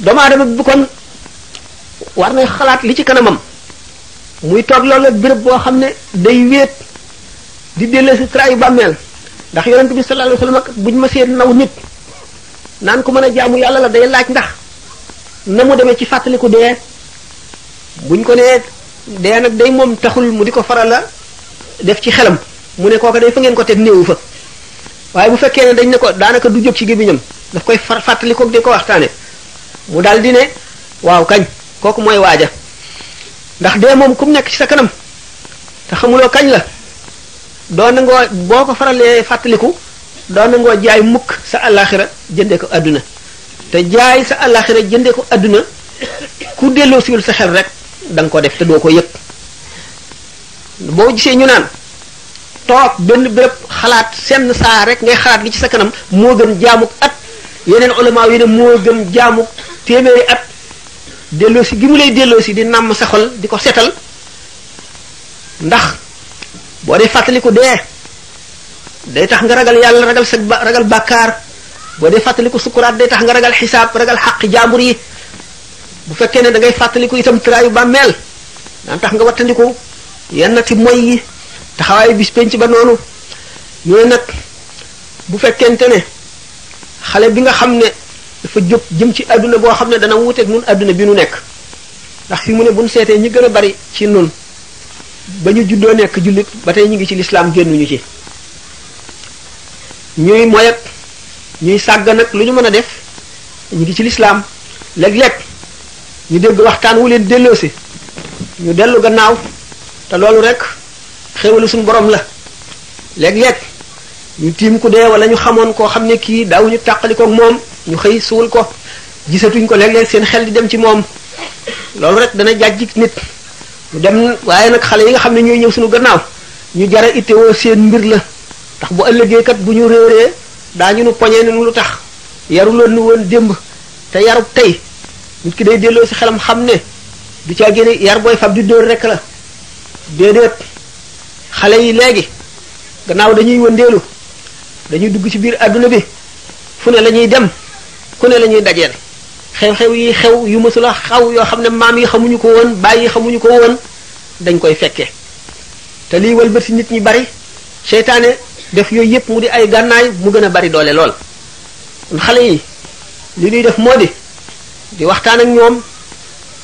doomu aadama bi kon war nay xalaat li ci kanamam muy toog loolu bërëb boo xam ne day wéet di dellee si tra yu bàmmeel ndax yonent bi sallallahu alayhi wasallam buñ ma see naw nit naan ko mën a jaamu yàlla la laaj ndax na mu demee ci fàttaliku dee buñ ko nee dee nag day moom taxul mu di ko faral la def ci xelam mu ne kooka day fa ngeen ko teg néewu fa waaye bu fekkee ne dañ ne ko daanaka du jóg ci gémmiñam daf koy far fàttali ko ko waxtaane mu daal di ne waaw kañ kooku mooy waaja ndax dee moom ku mu nekk ci sa kanam te xamuloo kañ la doo nangoo boo ko faralee fàttaliku doo nangoo jaay mukk sa àllaaxira jëndee ko àdduna te jaay sa àllaaxira jëndee ko àdduna ku delloo siwul sa xel rek danga nga ko def te doo ko yëg boo gisee ñu naan toog benn béréb xalaat senn saa rek ngay xalaat li ci sa kanam moo gën jaamuk at yeneen ulama yi ne moo gën jaamuk téeméeri at delloosi gi mu lay delloosi di nàmm sa di ko setal ndax boo dee fàttaliku dee day tax nga ragal yàlla ragal sa ragal bàkkaar boo dee fàttaliku sukuraat day tax nga ragal xisaab ragal xaqi jaambur yi bu fekkee ne da ngay fàttaliku itam tiraayu bàmmeel daan tax nga wattandiku yenn ti moy yi taxawaayu bis penc ba noonu yooyu nag bu fekkente ne xale bi nga xam ne dafa jóg jëm ci adduna boo xam ne dana wuuteeg nun àdduna bi nu nekk ndax fi mu ne buñ seetee ñi gën a bari ci nun ba ñu juddoo nekk jullit ba tey ñu ngi ci lislaam ñu ci ñuy moyat ñuy sàgg nag lu ñu mën a def ñu ngi ci lislaam léeg-léeg ñu dégg waxtaan wu leen delloosi ñu dellu gannaaw te loolu rek xéwalu suñu borom la léeg-léeg ñu tiim ku dee wala ñu xamoon koo xam ne kii daawuñu tàqalikoog moom ñu xëy suul ko gisatuñ ko léeg-léeg seen xel di dem ci moom loolu rek dana jàjjik nit mu dem waaye nag xale yi nga xam ne ñooy ñëw suñu gannaaw ñu jara ittewoo seen mbir la ndax bu ëllëgee bu ñu réeree daañu nu poñee nu lu tax yaruloon nu woon démb te yarub tey nit ki day delloo si xelam xam ne du caa génne yar booy fab di dóor rek la déedéet xale yi léegi gannaaw dañuy wëndeelu dañuy dugg ci biir àdduna bi fu ne la dem kone ne la ñuy dajeel xew-xew yi xew yu mësula xaw yoo xam ne maam yi xamuñu ko woon bàyyi xamuñu ko woon dañ koy fekke te liy wëlbati nit ñi bari seytaane def yooyu yëpp mu di ay gànnaay mu gën a bari doole lool xale yi li ñuy def moo di di waxtaan ak ñoom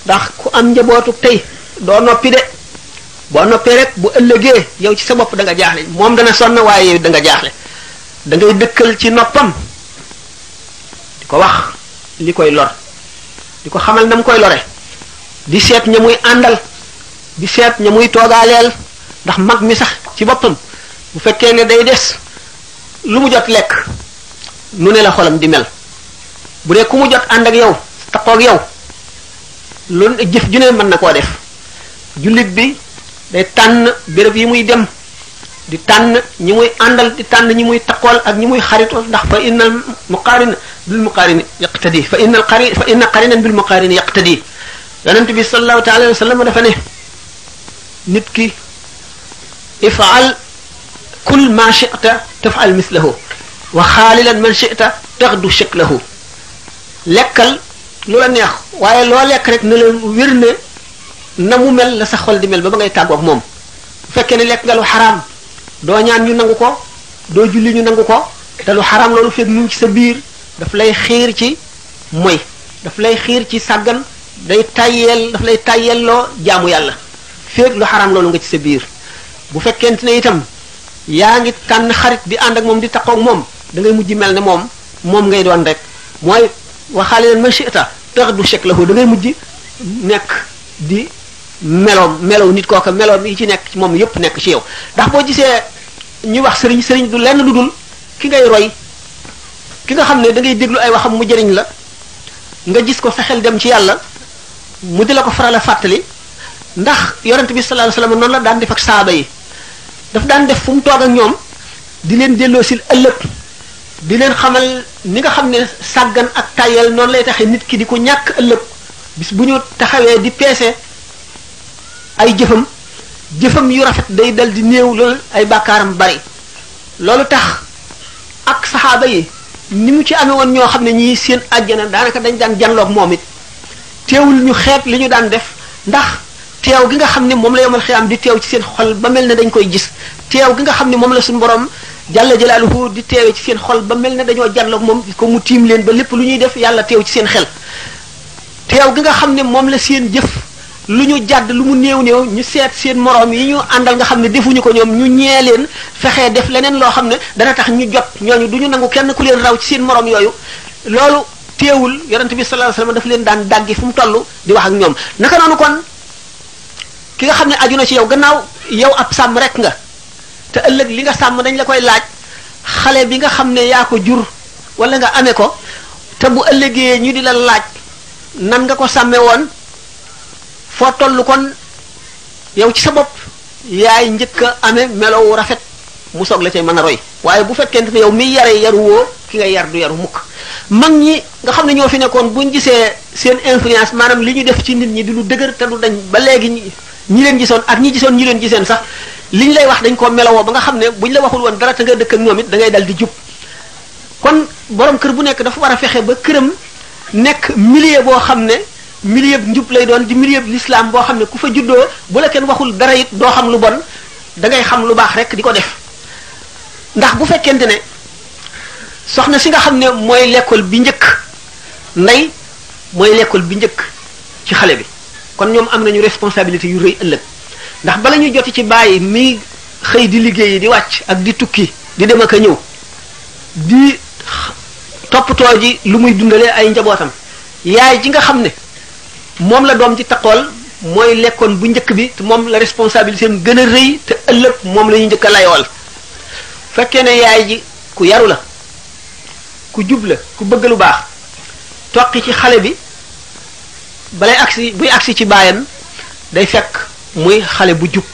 ndax ku am njabootu tey doo noppi de boo noppee rek bu ëllëgee yow ci sa bopp da nga jaaxle moom dana sonn waaye yow da nga jaaxle da dëkkal ci noppam ko wax li koy lor di ko xamal na mu koy lore di seet ña muy àndal di seet ña muy toogaaleel ndax mag mi sax ci boppam bu fekkee ne day des lu mu jot lekk nu ne la xolam di mel bu dee ku mu jot ànd ak yow taqoog yow lu jëf ju ne mën na koo def jullit bi day tànn béréb yi muy dem di tan ñi muy àndal di tan ñi muy takkool ak ñi muy xarit ndax fa innal muqarin bil muqarin yaqtadi fa innal qarin fa inna qarinan bil muqarin yaqtadi yonent bi sallallahu ta'ala wa sallam dafa ne nit ki ifal kul ma shi'ta taf'al mithluhu كل ما شئت تفعل مثله وخاللا من شئت تغدو شكله لكل لولا نيخ واي لو لك رك نلا mel la sa xol di mel ba با غاي تاغو اك موم فكن لك غالو haram doo ñaan ñu nangu ko doo julli ñu nangu ko te lu xaram loolu fekk mu ngi ci sa biir dafa lay xiir ci moy daf lay xiir ci sàggan day tayyeel daf lay tayyelloo jaamu yàlla fekk lu xaram loolu nga ci sa biir bu fekkente ne itam yaa ngi tànn xarit di ànd ak moom di taqoog moom dangay mujj mel ne moom moom ngay doon rek mooy waxaale leen ma chita tax du chek la ko dangay mujj nekk di meloom melow nit kooka meloom yi ci nekk moom yépp nekk ci yow ndax boo gisee ñuy wax sëriñ sëriñ du lenn lu dul ki ngay roy ki nga xam ne da ngay déglu ay waxam mu jëriñ la nga gis ko sa xel dem ci yàlla mu di la ko faral a fàttali ndax yonent bi sallallahu alayhi noonu la daan def ak saaba yi daf daan def fu mu toog ak ñoom di leen delloo sil ëllëg di leen xamal ni nga xam ne sàggan ak tayel noonu lay taxe nit ki di ko ñàkk ëllëg bis bu ñu taxawee di peese ay jëfam jëfam yu rafet day dal di néew loolu ay bàkkaaram bari loolu tax ak saxaaba yi ni mu ci amee woon ñoo xam ne ñii seen àjjana daanaka dañ daan janloog moom it teewul ñu xeet li ñu daan def ndax teew gi nga xam ne moom la yomal xiyaam di teew ci seen xol ba mel ne dañ koy gis teew gi nga xam ne moom la suñu borom jàlla jalaaluhu di teewee ci seen xol ba mel ne dañoo janloog moom ko mu tiim leen ba lépp lu ñuy def yàlla teew ci seen xel teew gi nga xam ne moom la seen jëf lu ñu jàdd lu mu néew néew ñu seet seen moroom yi ñu àndal nga xam ne defuñu ko ñoom ñu ñee leen fexee def leneen loo xam ne dana tax ñu jot ñooñu du ñu nangu kenn ku leen raw ci seen moroom yooyu loolu teewul yonent bi sallallahu alayhi wasallam daf leen daan dàggi fu mu toll di wax ak ñoom naka noonu kon ki nga xam ne aju na ci yow gannaaw yow ab sàmm rek nga te ëllëg li nga sàmm dañ la koy laaj xale bi nga xam ne yaa ko jur wala nga amee ko te bu ëllëgee ñu di la laaj nan nga ko sàmme woon foo toll kon yow ci sa bopp yaay njëkk a amee melow rafet mu soog la cay mën a roy waaye bu fekkente ne yow mi yare yaru woo ki nga yar du yaru mukk mag ñi nga xam ne ñoo fi nekkoon buñ gisee seen influence maanaam li ñu def ci nit ñi di lu dëgër te du dañ ba léegi ñi leen gisoon ak ñi gisoon ñi leen giseen sax li ñu lay wax dañ koo melowoo ba nga xam ne bu buñ la waxul woon dara te nga dëkk ak ñoom it da ngay dal di jub kon borom kër bu nekk dafa war a fexe ba këram nekk milieu boo xam ne milieu njub lay doon di milieu lislaam boo xam ne ku fa juddoo bu la kenn waxul dara it doo xam lu bon dangay xam lu baax rek di ko def ndax bu fekkente ne soxna si nga xam ne mooy lekkool bi njëkk ndey mooy l'école bi njëkk ci xale bi kon ñoom am nañu responsabilité yu rëy ëllëg ndax bala ñu joti ci bàyyi mi xëy di liggéeyi di wàcc ak di tukki di dem ak a ñëw di toppatoo ji lu muy dundalee ay njabootam yaay ji nga xam ne moom la doom di taqool mooy lekkoon bu njëkk bi te moom la responsabilité am gën a rëy te ëllëg moom lañu ñu njëkk a layool fekkee na yaay ji ku yaru la ku jub la ku bëgg lu baax toqi ci xale bi balay agsi buy agsi ci baayam day fekk muy xale bu jub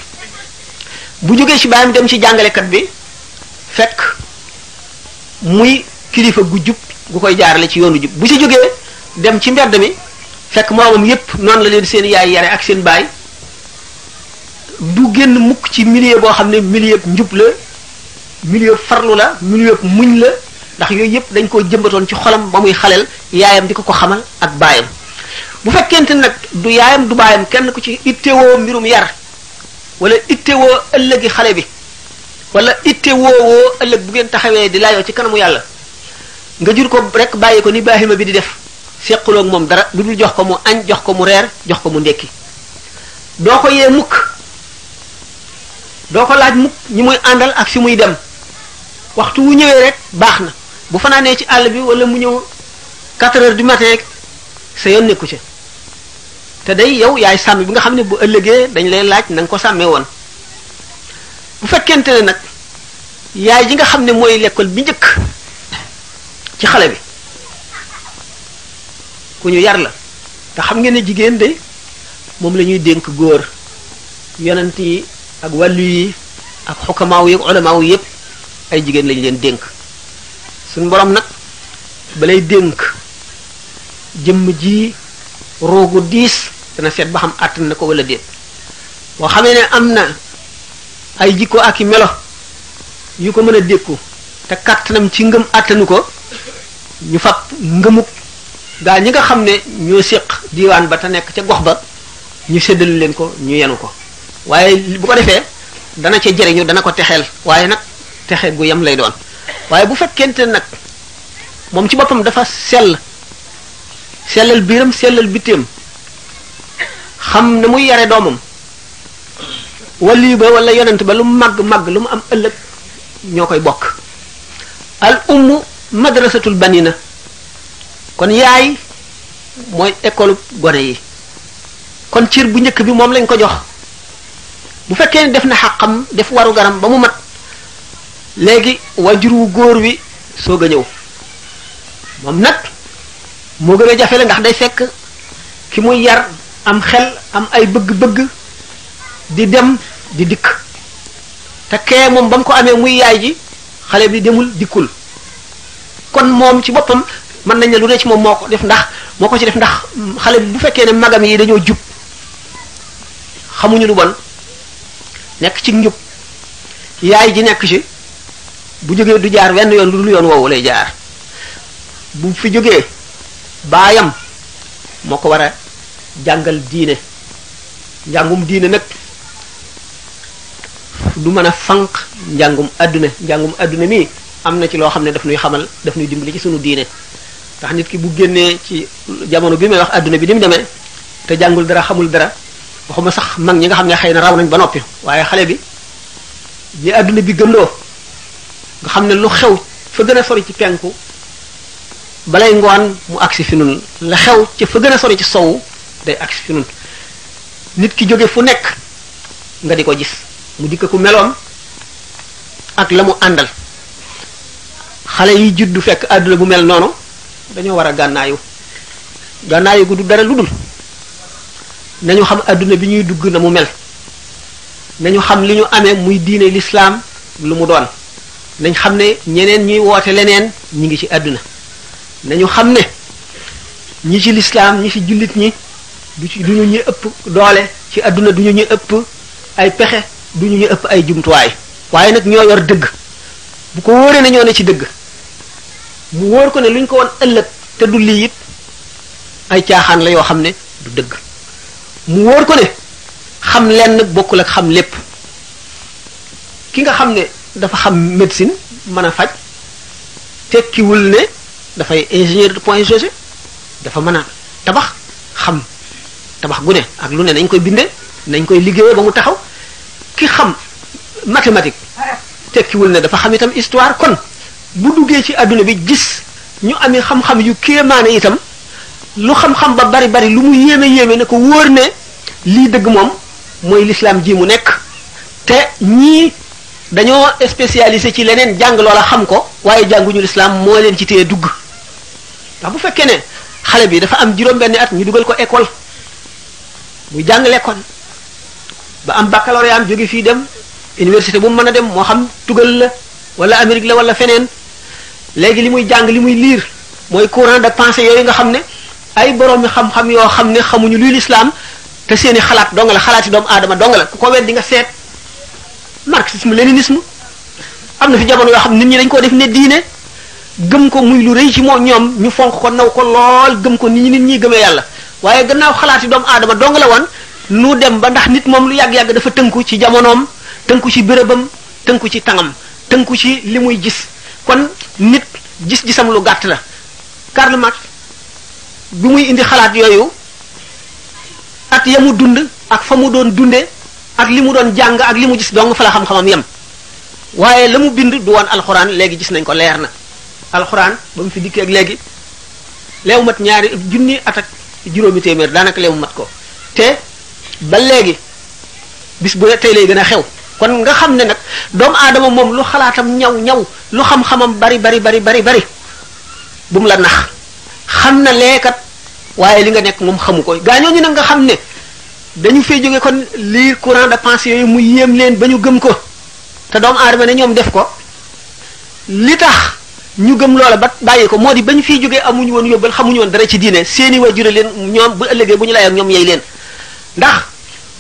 bu jógee ci baayam dem ci jàngalekat bi fekk muy kilifa gu jub gu koy jaarale ci yoonu jub bu ci jógee dem ci mbedd mi fekk moromam yépp noonu la leen seen yaay yare ak seen baay du génn mukk ci milieu boo xam ne milieu njub la milieu farlu la milieu muñ la ndax yooyu yëpp dañ koo jëmbatoon ci xolam ba muy xaleel yaayam di ko ko xamal ak baayam bu fekkente nag du yaayam du baayam kenn ku ci ittewoo mbirum yar wala ittewoo ëllëgi xale bi wala ittewoowoo ëllëg bu ngeen taxawee di laayoo ci kanamu yàlla nga jur ko rek bàyyi ko ni baahima bi di def sequlook moom dara lu dul jox ko mu añ jox ko mu reer jox ko mu ndékki doo ko yee mukk doo ko laaj mukk ñi muy àndal ak si muy dem waxtu wu ñëwee rek baax na bu fanaanee ci àll bi wala mu ñëw 4 du matin rek sa yoon nekku ca te day yow yaay sàmm bi nga xam ne bu ëllëgee dañ lay laaj na ko sàmmee woon bu fekkente ne nag yaay ji nga xam ne mooy lekkool bi njëkk ci xale bi ku ñu yar la te xam ngeen ne jigéen de moom lañuy dénk góor yonent yi ak wàllu yi ak xukamaaw yi yépp ay jigéen lañu leen dénk suñ borom nag balay dénk jëmm ji roogu diis dana seet ba xam àttan na ko wala déet boo xamee ne am na ay jikko ak i melo yu ko mën a dékku te kàttanam ci ngëm àttanu ko ñu fab ngëmuk gaa ñi nga xam ne ñoo séq diwaan ba te nekk ca gox ba ñu séddal leen ko ñu yenu ko waaye bu ko defee dana ca jëriñu dana ko texeel waaye nag texe gu yem lay doon waaye bu fekkente nag moom ci boppam dafa sell sellal biiram sellal bitim xam ne mu yare doomam wali ba wala yonent ba lu mu màgg lu mu am ëllëg ñoo koy bokk al umm madrasatul na kon yaay mooy école gone yi kon ciir bu njëkk bi moom lañ ko jox bu fekkee ne def na xàqam def waru garam ba mu mat léegi wajur wu góor wi soog a ñëw moom nag moo gën a jafele ndax day fekk ki muy yar am xel am ay bëgg-bëgg di dem di dikk te kee moom ba mu ko amee muy yaay ji xale bi demul dikkul kon moom ci boppam mën nañ ne lu ne ci moom moo ko def ndax moo ko ci def ndax xale bu fekkee ne magam yi dañoo jub xamuñu lu bon nekk ci njub yaay ji nekk ci bu jógee du jaar wenn yoon lu dul yoon woowu jaar bu fi jógee baayam moo ko war a jàngal diine njàngum diine nag du mën a fanq njàngum àdduna njàngum àdduna mi am na ci loo xam ne daf nuy xamal daf nuy dimbali ci sunu diine tax nit ki bu génné ci jamono bi may wax aduna bi dim démé té jangul dara xamul dara waxuma sax mag ñi nga xamné xeyna raw nañ ba nopi waye xalé bi ñi aduna bi gëndo nga xamné lu xew fa gëna sori ci penku balay ngoon mu aksi fi nun la xew ci fa gëna sori ci sow day aksi fi nun nit ki joggé fu nek nga diko gis mu dikk ku melom ak lamu andal xalé yi judd fekk aduna bu mel dañoo war a gànnaayu gànnaayu gu du dara lu dul nañu xam àdduna bi ñuy dugg na mu mel nañu xam li ñu amee muy diine lislaam lu mu doon nañ xam ne ñeneen ñuy woote leneen ñi ngi ci àdduna nañu xam ne ñi ci lislaam ñi ci jullit ñi du ci du ñu ñu ëpp doole ci àdduna du ñu ñu ëpp ay pexe du ñu ñu ëpp ay jumtuwaay waaye nag ñoo yor dëgg bu ko wóoree na ñoo ne ci dëgg mu wóor ko ne luñ ko won ëllëg te du lii it ay caaxaan la yoo xam ne du dëgg mu wóor ko ne xam lenn bokkul ak xam lépp ki nga xam ne dafa xam médecine mën a faj tekkiwul ne dafay ingénieur de point G dafa mën a tabax xam tabax gu ne ak lu ne nañ koy bindee nañ koy liggéeyee ba mu taxaw ki xam mathématique tekkiwul ne dafa xam itam histoire kon bu duggee ci àdduna bi gis ñu amee xam-xam yu kéemaane itam lu xam-xam ba bari bari lu mu yéeme yéeme ne ko wóor ne lii dëgg moom mooy lislaam ji mu nekk te ñii dañoo spécialisé ci leneen jàng loola xam ko waaye jànguñu lislaam moo leen ci téye dugg ndax bu fekkee ne xale bi dafa am juróom-benni at ñu dugal ko école muy jàng lekkoon ba am baccalauréat am jóge fii dem université bu mën a dem moo xam dugal la wala Amérique la wala feneen léegi li muy jàng li muy liir mooy courant de pensée yooyu nga xam ne ay boroomi xam-xam yoo xam ne xamuñu luy lislaam te seeni xalaat dong la xalaati doomu aadama dong la ku di nga seet marxisme léninisme am na fi jamono yoo xam nit ñi dañ ko def ne diine gëm ko muy lu rëy ci moom ñoom ñu fonk ko naw ko lool gëm ko nit ñi nit ñi gëmee yàlla waaye gannaaw xalaati doomu adama dong la woon nu dem ba ndax nit moom lu yàgg-yàgg dafa tënku ci jamonoom tënku ci bérébam tënku ci tangam tënku ci li muy gis nit gis-gisam lu gàtt la Karl bi muy indi xalaat yooyu at ya mu dund ak fa mu doon dunde ak li mu doon jàng ak li mu gis dong fa la xam-xamam yem waaye la mu bind du woon alxuraan léegi gis nañ ko leer na alxuraan ba mu fi dikkee ak léegi leew mat ñaari junni at ak juróomi téeméer daanaka leew mat ko te ba léegi bis bu tey lay gën a xew kon nga xam ne nag doomu aadama moom lu xalaatam ñaw ñaw lu xam-xamam bari bari bari bari bari bum la nax xam na leekat waaye li nga nek mum xamu ko gaa ñooñu nga xam ne dañu fee joge kon lire courant de pensée yoy mu yem leen bañu gëm ko te doom aadama ne ñoom def ko li tax ñu gëm loola ba bàyyi ko modi di bañ fi joge amuñu won yobal xamuñu won dara ci diine seeni wajure leen ñom bu ëllëgee buñu lay ak ñom yey leen ndax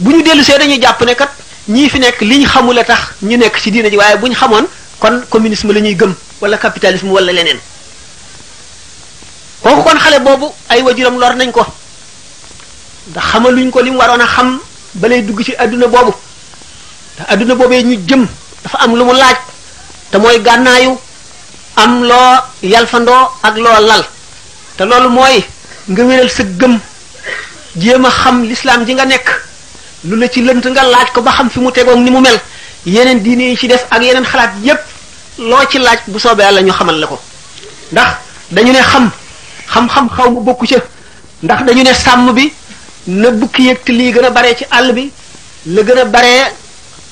buñu déllu sé dañuy japp ne kat ñi fi nek liñ xamulé tax ñu nek ci diine ji waye buñ xamone kon communisme lañuy gëm wala capitalisme wala leneen ko kon xalé bobu ay wajuram lor nañ ko da xamaluñ ko lim warona xam balay dugg ci aduna bobu ndax aduna bobé ñu jëm dafa am lu mu laaj te moy gannaayu am lo, yalfando, ak lo lal te lolu moy nga wëral sa gëm jema xam l'islam ji nga nek lu la ci leunt nga laaj ko ba xam fi mu teggok ni mu mel yeneen diine yi ci des ak yeneen xalaat yépp loo ci laaj bu soobee yàlla ñu xamal la ko ndax dañu ne xam xam-xam xaw ma bokku ca ndax dañu ne sàmm bi na bukki yëg te lii gën a baree ci àll bi la gën a bare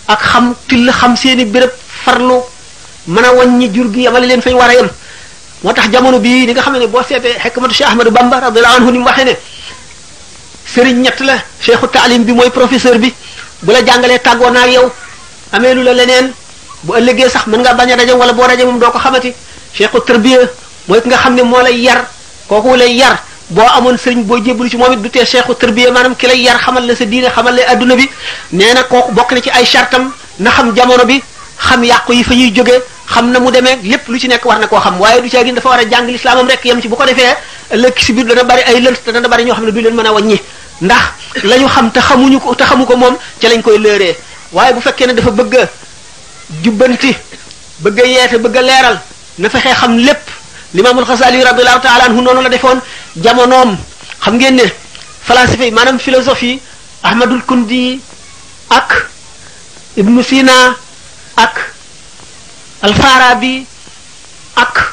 ak xam till xam seeni béréb farlu mën a wàññi jur gi yamale leen fay war a yem moo tax jamono bii ni nga xam ne boo seetee xekmatu Cheikh Ahmadou Bamba radiyallahu anhu ni mu waxee ne sëriñ ñett la cheikhu taalim bi mooy professeur bi bu la jàngalee tàggoo naa yow amee lu la leneen bu ëllëgee sax mën nga bañ a daje wala boo daje moom doo ko xamati cheikhu tarbiya mooy ki nga xam ne moo lay yar kooku lay yar boo amoon sëriñ boo jébbalu ci moom it du tee cheikhu tarbiya maanaam ki lay yar xamal la sa diine xamal la adduna bi nee na kooku bokk na ci ay chartam na xam jamono bi xam yàqu yi fa ñuy jóge xam na mu demee lépp lu ci nekk war na koo xam waaye du caa gin dafa war a jàng lislaamam rek yem ci bu ko defee ëllëg si biir dana ay lënt te dana bari ñoo xam ne du leen mën a waññi ndax la ñu xam te xamuñu ko te xamu ko moom lañ koy lëeree waaye bu fekkee ne dafa bëgg jubbanti bëgg a yeete bëgg leeral na fexee xam lépp limaamul xasaali radiallahu taala anhu noonu la defoon jamonoom xam ngeen ne falasifa yi maanaam philosophie ahmadul kundi ak ibnu sina ak bi ak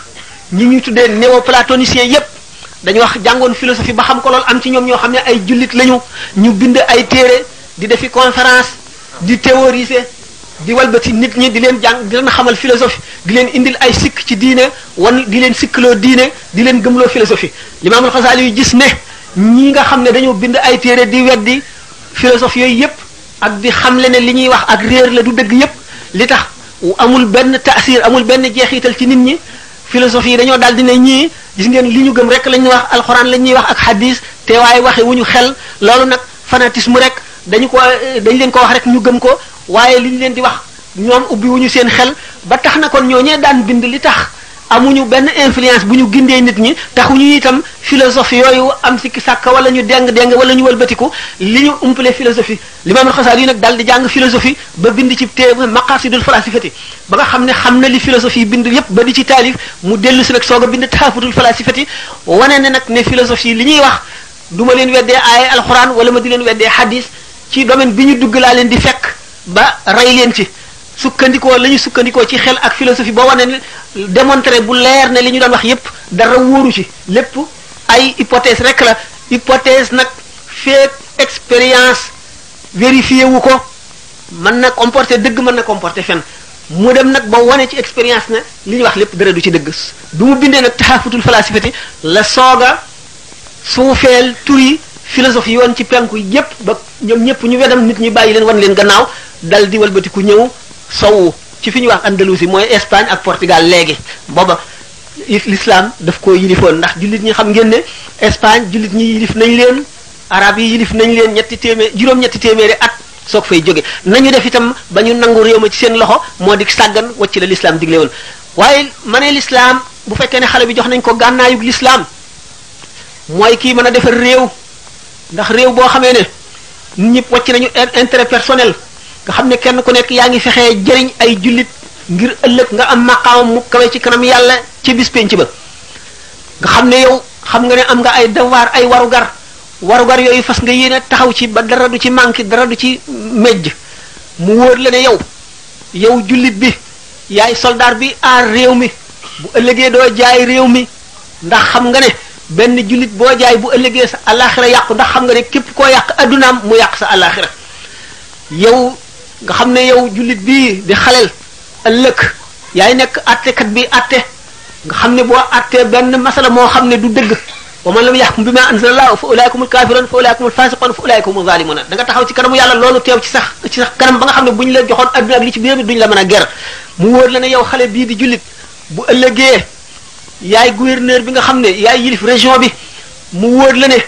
ñi ñuy tuddee néoplatoniciens yépp dañu wax jàngoon philosophie ba xam ko lool am ci ñoom ñoo xam ne ay jullit lañu ñu bind ay téere di defi conférence di théoriser di walbati nit ñi di leen jàng di leen xamal philosophie di leen indil ay sik ci diine wan di leen sikkloo diine di leen gëmloo philosophie limaamul xasaali yu gis ne ñi nga xam ne dañoo bind ay téere di weddi philosophie yooyu yépp ak di xam le ne li ñuy wax ak réer la du dëgg yépp li tax amul benn taasir amul benn jeexital ci nit ñi philosophie yi dañoo daal di ne ñii gis ngeen li ñu gëm rek lañ wax alxuraan lañ ñuy wax ak hadith te waaye waxe wuñu xel loolu nag fanatisme rek dañu ko dañ leen ko wax rek ñu gëm ko waaye li liñ leen di wax ñoom ubbi wuñu seen xel ba tax na kon ñoo ñee daan bind li tax amuñu benn influence bu ñu gindee nit ñi ñu itam philosophie yooyu am sikki sàkk wala ñu deng deng wala ñu wëlbatiku li ñu umpale philosophie limaamul xasaal yi nag daal di jàng philosophie ba bind ci téere maqasidul falasifati ba nga xam ne xam na li philosophie bind yépp ba di ci taalif mu dellu si nag soog a bind taxafutul falasifati wane ne nag ne philosophie li ñuy wax duma ma leen weddee ay alxuraan wala ma di leen weddee hadis ci domaine bi ñu dugg leen di fekk ba rey leen ci sukkandikoo la ñu sukkandikoo ci xel ak philosophie boo wane ni démontré bu leer ne li ñu doon wax yépp dara wóoru ci lépp ay hypothèse rek la hypothèse nag feek expérience vérifié wu ko mën na comporter dëgg mën na comporter fen mu dem nag ba wane ci expérience ne li ñu wax lépp dara du ci dëgg du mu bindee nag taxafutul falasifati la sooga suufeel turi philosophie yoon ci penku yépp ba ñoom ñëpp ñu wedam nit ñi bàyyi leen wan leen gannaaw dal di walbatiku ñëw sowu ci fi ñuy wax Andalusi mooy Espagne ak Portugal léegi booba l'islam daf ko yilifoon ndax jullit ñi xam ngeen ne Espagne jullit ñi yilif nañ leen arab yi yilif nañ leen ñetti téeméer juróom-ñetti téeméeri at soo soog fay jóge nañu def itam ba ñu nangu réew ma ci seen loxo moo di sàggan wacc la l'islam digle woon waaye ma lislaam bu fekkee ne xale bi jox nañ ko gànnaayug l'islam mooy kii mën a defar réew ndax réew boo xamee ne ñëpp wacc nañu intérêt personnel nga xam ne kenn ku nekk yaa ngi fexee jëriñ ay jullit ngir ëllëg nga am maqaam mu kawe ci kanam yàlla ci bis penc ba nga xam ne yow xam nga ne am nga ay devoir ay warugar warugar yooyu fas nga yéene taxaw ci ba dara du ci manqué dara du ci mejj mu wóor la ne yow yow jullit bi yaay soldaar bi aar réew mi bu ëllëgee doo jaay réew mi ndax xam nga ne benn jullit boo jaay bu ëllëgee sa alaxira yàqu ndax xam nga ne képp koo yàq addunaam mu yàq sa alaxira nga xamne yow julit bi di xalel ëlëk yaay nek atté kat bi atte nga xamne bo atté ben masala mo xamne du dëgg wa man lam yaxkum bima anzalallahu fa ulaikumul kafirun fa ulaikumul fasiqun fa ulaikumul zalimun da nga taxaw ci kanamu yàlla loolu teew ci sax ci sax kanam ba nga xamne buñ la joxoon aduna ak li ci biir duñ la mëna ger mu wër la ne yow xale bi di julit bu ëlëgé yaay gouverneur bi nga xamne yaay yilif région bi mu wër la ne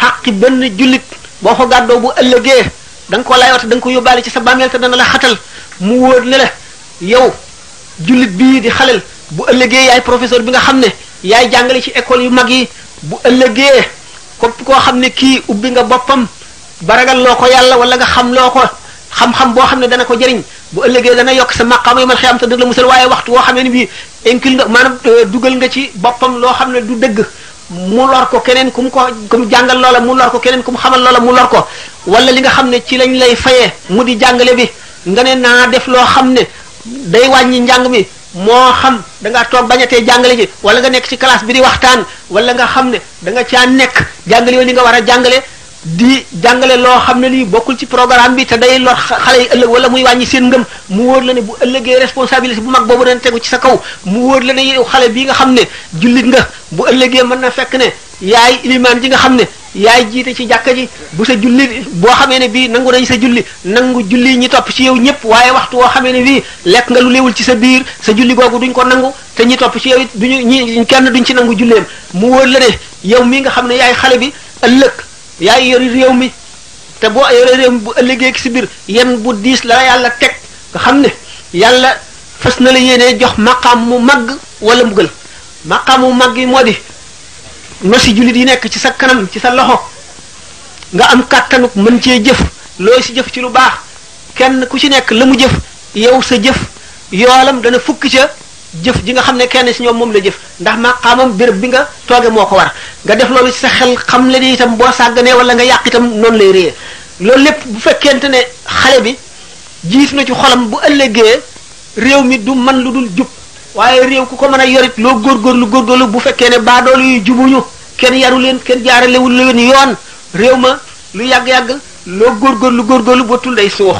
xaqi ben julit boo ko gàddoo bu ëlëgé da nga ko laay wata da nga ko yóbbaale ci sa bàmmeel te dana la xatal mu wóor ne la yow jullit bii di xalel bu ëllëgee yaay professeur bi nga xam ne yaay jàngale ci école yu mag yi bu ëllëgee ko koo xam ne kii ubbi nga boppam baragal loo ko yàlla wala nga xam loo ko xam-xam boo xam ne dana ko jëriñ bu ëllëgee dana yokk sa maqaama yi man xiyam te dëgg la musal waaye waxtu woo xam ne bii incul nga maanaam euh, dugal nga ci boppam loo xam ne du dëgg mu lor ko keneen ku mu ko ku mu jàngal loola mu lor ko keneen ku mu xamal mu lor ko wala li nga xam ne ci lañ lay fayee mu di jàngale bi nga ne naa def loo xam ne day wàññi njàng mi moo xam da ngaa toog bañatee jàngale ji wala nga nekk ci classe bi di waxtaan wala nga xam ne da nga caa nekk jàngale yoon li nga war a jàngale di jàngale loo xam ne lii bokkul ci programme bi te day lor xale yi ëllëg wala muy wàññi seen ngëm mu wóor la ne bu ëllëgee responsabilité bu mag boobu dana tegu ci sa kaw mu wóor la ne yow xale bii nga xam ne jullit nga bu ëllëgee mën na fekk ne yaay ilimaan ji nga xam ne yaay jiite ci jàkka ji bu sa julli boo xamee ne bii nangu nañ sa julli nangu julli ñi topp ci yow ñëpp waaye waxtu woo xamee ne bii lekk nga lu léewul ci sa biir sa julli googu duñ ko nangu te ñi topp ci yow it duñu ñi kenn duñ ci nangu julleem mu wóor la ne yow mii nga xam ne yaay xale bi ëllëg yaay yori réew mi te boo yore réew mi bu ëllëgee ci si biir yenn bu diis la yàlla teg nga xam ne yàlla fas na la yéenee jox maqaam mu màgg wala mbugal maqaam mu màgg nosi jullit yi nekk ci sa kanam ci sa loxo nga am kàttanu mën cee jëf looy si jëf ci lu baax kenn ku ci nekk la mu jëf yow sa jëf yoolam dana fukki ca jëf ji nga xam ne kenn si ñoom moom la jëf ndax maqaamam béréb bi nga tooge moo ko war nga def loolu ci sa xel xam le ni itam boo sàgganee wala nga yàq itam noonu lay réyee loolu lépp bu fekkente ne xale bi jiitu na ci xolam bu ëllëgee réew mi du man lu dul jub waaye réew ku ko mën a yorit loo góorgóorlu góorgóorlu bu fekkee ne baadool yu jubuñu kenn yaru leen kenn jaaralewul leen yoon réew ma lu yàgg-yàgg loo góorgóorlu góorgóorlu botul day suux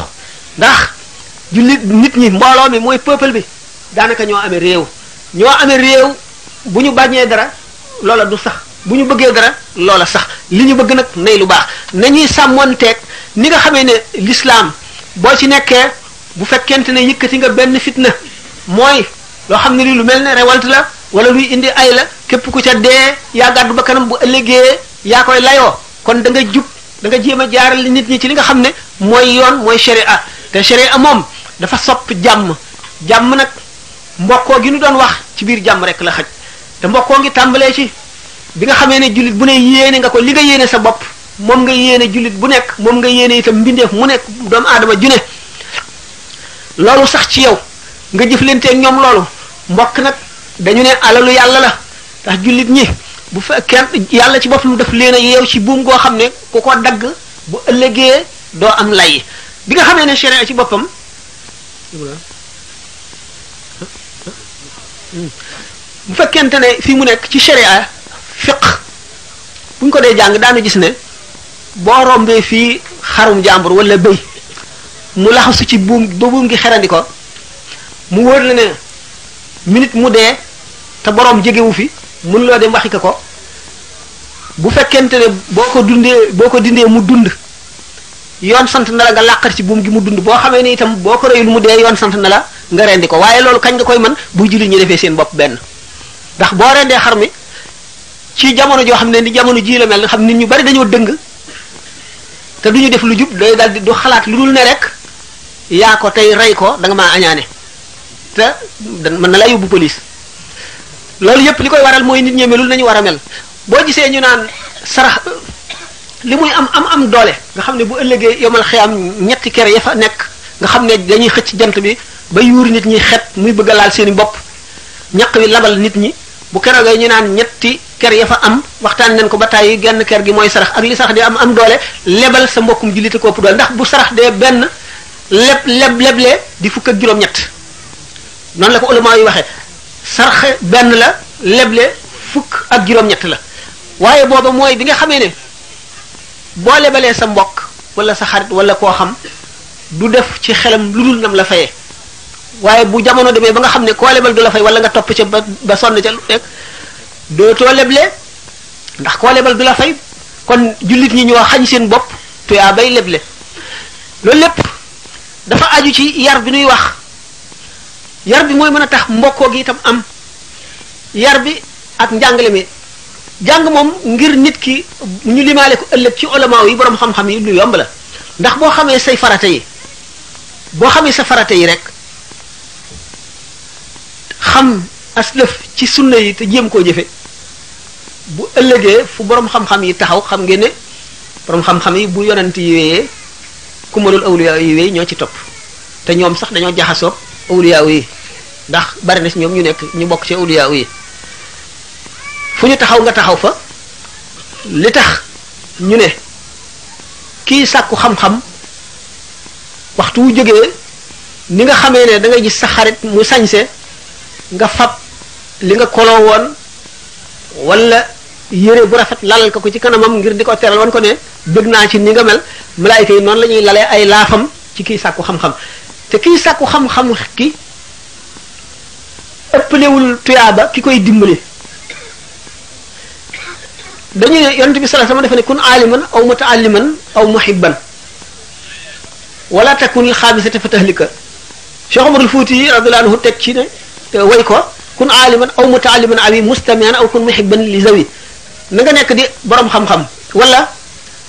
ndax jullit nit ñi mbooloo mi mooy peuple bi daanaka ñoo amee réew ñoo amee réew bu ñu bañee dara loola du sax bu ñu bëggee dara loola sax li ñu bëgg nag nay lu baax nañuy sàmmoonteeg ni nga xame ne l'islam boo ci nekkee bu fekkente ne yëkkati nga benn fitna mooy lo xamni li lu melne rewalt la wala luy indi ay la kep ku ca de ya gàddu ba kanam bu ëllëgee ya koy layo kon da nga jup da nga jema a jaaral nit ñi ci li nga xamne moy yoon moy sharia te sharia moom dafa sop jam jam nak mbokkoo gi nu doon wax ci biir jam rek la xaj te mbokkoo ngi tàmbalee ci bi nga xamee ne jullit bu ne yéene nga ko li nga yéene sa bop mom nga yéene julit bu nek mom nga yéene itam mbindef mu nek doom adama june lolu sax ci yow nga jëflante ak ñom lolu mbokk nag dañu ne alalu yàlla la ndax jullit ñi bu fekkee yàlla ci boppam daf leen a yeew ci buum goo xam ne ku ko dagg bu ëllëgee doo am lay bi nga xamee ne sharia ci boppam bu fekkente ne fii mu nekk ci sharia fiq bu ñu ko dee jàng daanu gis ne boo rombee fii xarum jàmbur wala béy mu laxasu ci buum ba buum gi xerandi ko mu wër la ne Minit mu dee te borom jegewu fi mun loo dem waxi ko bu fekkente ne boo ko dundee boo ko dindee mu dund yoon sant na la nga làqar ci buum gi mu dund boo xamee ni itam boo ko reyul mu dee yoon sant na la nga rendi ko waaye loolu kañ nga koy man bu julli ñi defee seen bopp benn ndax boo rendee xar mi ci jamono joo xam ne ni jamono ji la mel xam nit ñu bari dañoo dëng te duñu def lu jub day dal xalaat lu dul ne rek yaa ko tey rey ko da nga maa añaane te mën na la yóbbu police lolou yep likoy waral moy nit ñeemelul nañu waramel mel bo gisee ñu naan sarax limuy am am am doole nga xamne bu ëllëgee yomal xiyam ñetti kër ya fa nek nga xamne ne dañuy nyet jant bi ba yuur nit ñi xet muy bëgg laal seen bopp ñak wi labal nit ñi bu keroogee ñu naan ñetti kër ya fa am waxtaan nañ ko bataay genn kër gi moy sarax ak li sax di am am doole lebal sa mbokkum ko ko doole ndax bu sarax de ben leb leb leb le di fukk ak juroom ñett noonu la ko ulama yi waxee sarxe benn la leble fukk ak juróom-ñett la waaye booba mooy bi nga xamee ne boo lebalee sa mbokk wala sa xarit wala koo xam du def ci xelam lu dul nam la fayee waaye bu jamono demee ba nga xam ne koo lebal du la fay wala nga topp ca ba ba sonn ca rek dootoo leble ndax koo lebal du la fay kon jullit ñi ñoo xañ seen bopp tuyaa bay leble loolu lépp dafa aju ci yar bi nuy wax yar bi mooy mën a tax mbokkoo gi itam am yar bi ak njàngale mi jàng moom ngir nit ki ñu limaale ko ëllëg ci olamaa yi borom xam-xam yi lu yomb la ndax boo xamee say farata yi boo xamee sa farata yi rek xam aslëf ci sunna yi te jéem koo jëfe bu ëllëgee fu boroom xam-xam yi taxaw xam ngeen ne borom xam-xam yi bu yonent yi wéyee ku mënul awliya yi wéy ñoo ci topp te ñoom sax dañoo jaxasoo awliyaaw yi ndax bari na si ñoom ñu nekk ñu bokk ci awliyaaw yi fu ñu taxaw nga taxaw fa li tax ñu ne kii sàkku xam-xam waxtu wu jógee ni nga xamee ne dangay gis sa xarit mu sañse nga fab li nga koloo woon wala yére bu rafet lalal ko ko ci kanamam ngir di ko teral wan ko ne bëgg naa ci ni nga mel malaayika yi noonu la ñuy lalee ay laafam ci kii sàkku xam-xam te kii sàkku xam-xam ki ëppalewul tuyaaba ki koy dimbale dañu ne yonent bi sallallahu alayhi wasallam dafa ne kun aaliman aw mutaalliman aw muhibban wala takun li xaamisata fa tahlika Cheikh Omar al-Fouti radiyallahu anhu ne eh, way ko kun aaliman aw mutaalliman aw mustami'an aw kun muhibban li zawi na nga nekk di borom xam-xam wala.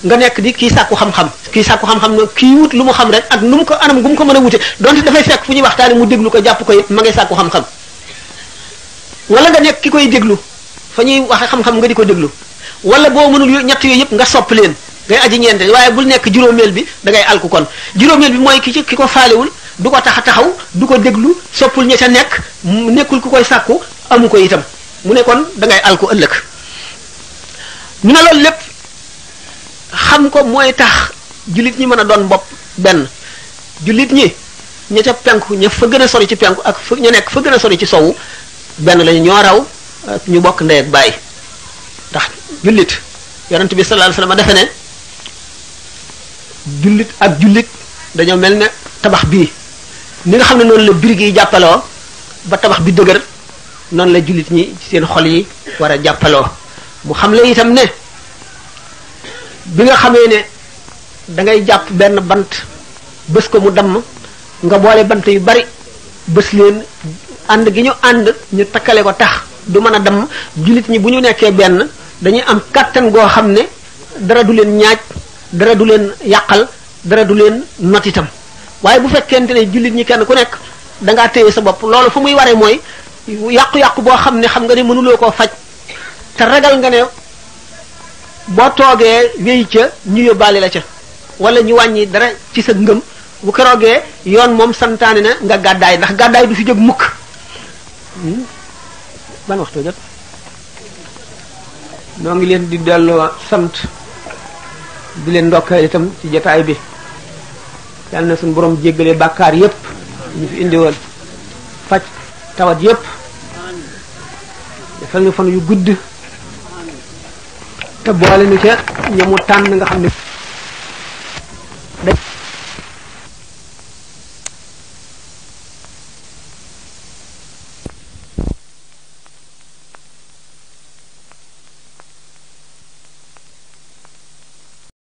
nga nekk di kii sàkku xam-xam kii sàkku xam-xam na kii wut lu mu xam rek ak nu mu ko anam gu mu ko mën a wute donte dafay fekk fu ñuy waxtaane mu déglu ko jàpp ko it ma ngay sàkku xam-xam wala nga nekk ki koy déglu fa ñuy waxee xam-xam nga di ko déglu wala boo mënul ñett yooyu yëpp nga sopp leen ngay aji ñeente waaye bul nekk juróomeel bi dangay ngay alku kon juróomeel bi mooy ki ci ki ko faalewul du ko tax a taxaw du ko déglu soppul ña ca nekk nekkul ku koy sàkku amu ko itam mu ne da ngay alku ëllëg ñu lépp xam ko mooy tax jullit ñi mën a doon bopp benn jullit ñi ña ca penku ña fa gën a sori ci penku ak fa ña nekk fa gën a sori ci sowu benn lañu ñoo raw ñu bokk ndey ak baay ndax jullit yonent bi sallallahu alayhi wasallam defe ne jullit ak jullit dañoo mel ne tabax bii ni nga xam ne noonu la birig yi jàppaloo ba tabax bi dëgër noonu la jullit ñi ci seen xol yi war a jàppaloo mu xam le itam ne bi nga xamee ne da ngay jàpp benn bant bés ko mu damm nga boole bant yu bari bés leen ànd gi ñu ànd ñu takkale ko tax du mën a damm jullit ñi bu ñu nekkee benn dañuy am kàttan goo xam ne dara du leen ñaaj dara du leen yàqal dara du leen not itam waaye bu fekkente ne jullit ñi kenn ku nekk danga ngaa téye sa bopp loolu fu muy waree mooy yàqu-yàqu boo xam ne xam nga ne mënuloo koo faj te ragal nga ne boo toogee wéy ca ñu yóbbaale la ca wala ñu wàññi dara ci sa ngëm bu keroogee yoon moom santaane na nga gàddaay ndax gàddaay du fi jóg mukk hmm? ban waxtu jot noo ngi leen di delloo sant di leen ndokkeel itam ci jataay bi yàlla na suñu boroom jéggale bàkkaar yépp ñu fi indiwoon faj tawat yépp defal ñu fan yu gudd te boole nu ca ñamu tànn nga xam ne